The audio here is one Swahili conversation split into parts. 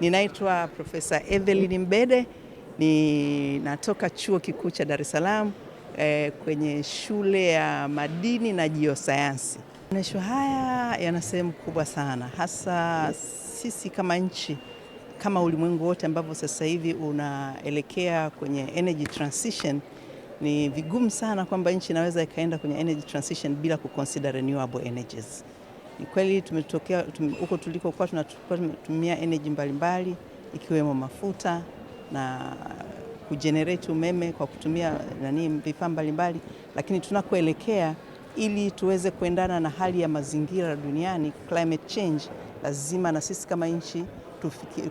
Ninaitwa Profesa Evelyn Mbede, ninatoka Chuo Kikuu cha Dar es Salaam eh, kwenye shule ya madini na jiosayansi. Maonyesho haya yana sehemu kubwa sana, hasa sisi kama nchi, kama ulimwengu wote ambavyo sasa hivi unaelekea kwenye energy transition. Ni vigumu sana kwamba nchi inaweza ikaenda kwenye energy transition bila kuconsider renewable energies. Ni kweli tumetokea huko tulikokuwa tunatumia energy mbalimbali ikiwemo mafuta na kujenerate umeme kwa kutumia nani vifaa mbalimbali, lakini tunakoelekea, ili tuweze kuendana na hali ya mazingira duniani climate change, lazima na sisi kama nchi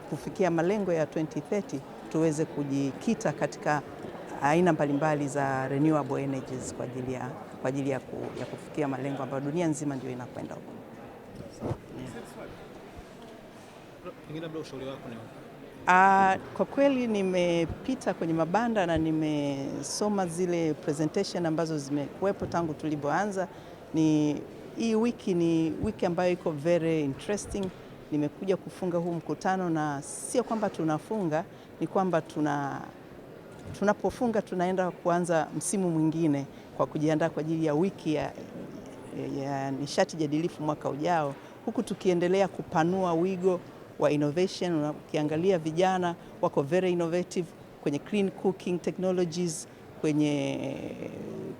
kufikia malengo ya 2030 tuweze kujikita katika aina mbalimbali za renewable energies kwa ajili ya, kwa ajili ya, ku, ya kufikia malengo ambayo dunia nzima ndio inakwenda huko. pengine labda ushauri wako ni Uh, kwa kweli nimepita kwenye mabanda na nimesoma zile presentation ambazo zimekuwepo tangu tulipoanza. Ni hii wiki ni wiki ambayo iko very interesting. Nimekuja kufunga huu mkutano na sio kwamba tunafunga, ni kwamba tuna tunapofunga tunaenda kuanza msimu mwingine kwa kujiandaa kwa ajili ya wiki ya, ya, ya nishati jadilifu mwaka ujao, huku tukiendelea kupanua wigo wa innovation. Ukiangalia vijana wako very innovative kwenye clean cooking technologies, kwenye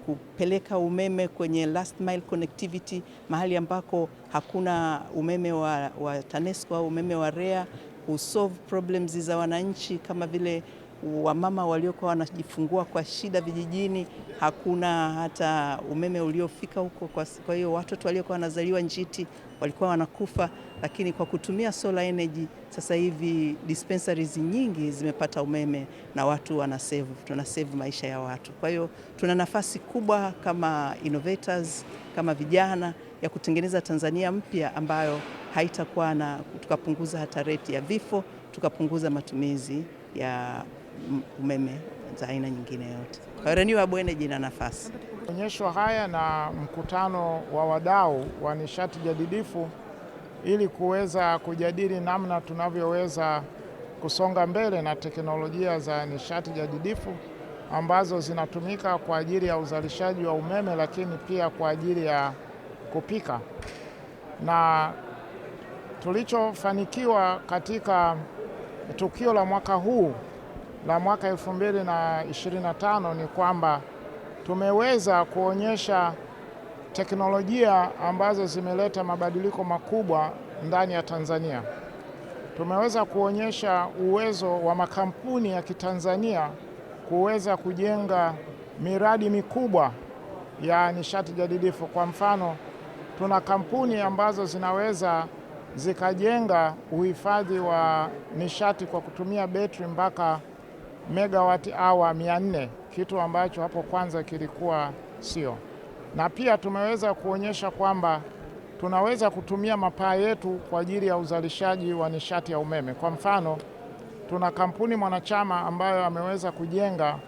kupeleka umeme kwenye last mile connectivity mahali ambako hakuna umeme wa, wa TANESCO au umeme wa REA, kusolve problems za wananchi kama vile wamama waliokuwa wanajifungua kwa shida vijijini, hakuna hata umeme uliofika huko. Kwa hiyo watoto waliokuwa wanazaliwa njiti walikuwa wanakufa, lakini kwa kutumia solar energy sasa hivi dispensaries nyingi zimepata umeme na watu wana save, tuna save maisha ya watu. Kwa hiyo tuna nafasi kubwa kama innovators, kama vijana ya kutengeneza Tanzania mpya ambayo haitakuwa na, tukapunguza hata rate ya vifo, tukapunguza matumizi ya umeme za aina nyingine yote. Renewable energy jina nafasi. Onyeshwa haya na mkutano wa wadau wa nishati jadidifu ili kuweza kujadili namna tunavyoweza kusonga mbele na teknolojia za nishati jadidifu ambazo zinatumika kwa ajili ya uzalishaji wa umeme, lakini pia kwa ajili ya kupika. Na tulichofanikiwa katika tukio la mwaka huu la mwaka 2025 ni kwamba tumeweza kuonyesha teknolojia ambazo zimeleta mabadiliko makubwa ndani ya Tanzania. Tumeweza kuonyesha uwezo wa makampuni ya Kitanzania kuweza kujenga miradi mikubwa ya nishati jadidifu. Kwa mfano, tuna kampuni ambazo zinaweza zikajenga uhifadhi wa nishati kwa kutumia betri mpaka megawati awa mia nne, kitu ambacho hapo kwanza kilikuwa sio. Na pia tumeweza kuonyesha kwamba tunaweza kutumia mapaa yetu kwa ajili ya uzalishaji wa nishati ya umeme. Kwa mfano, tuna kampuni mwanachama ambayo ameweza kujenga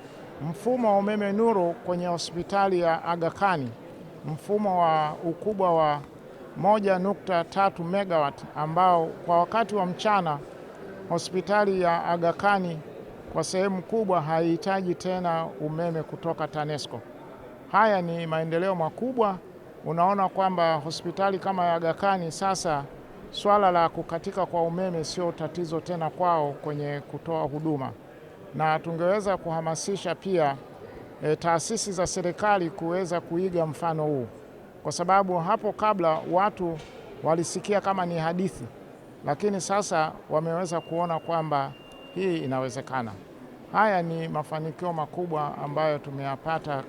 mfumo wa umeme nuru kwenye hospitali ya Aga Khan, mfumo wa ukubwa wa moja nukta tatu megawati ambao kwa wakati wa mchana hospitali ya Aga Khan kwa sehemu kubwa haihitaji tena umeme kutoka TANESCO. Haya ni maendeleo makubwa. Unaona kwamba hospitali kama ya Aga Khan sasa swala la kukatika kwa umeme sio tatizo tena kwao kwenye kutoa huduma, na tungeweza kuhamasisha pia e, taasisi za serikali kuweza kuiga mfano huu, kwa sababu hapo kabla watu walisikia kama ni hadithi, lakini sasa wameweza kuona kwamba hii inawezekana. Haya ni mafanikio makubwa ambayo tumeyapata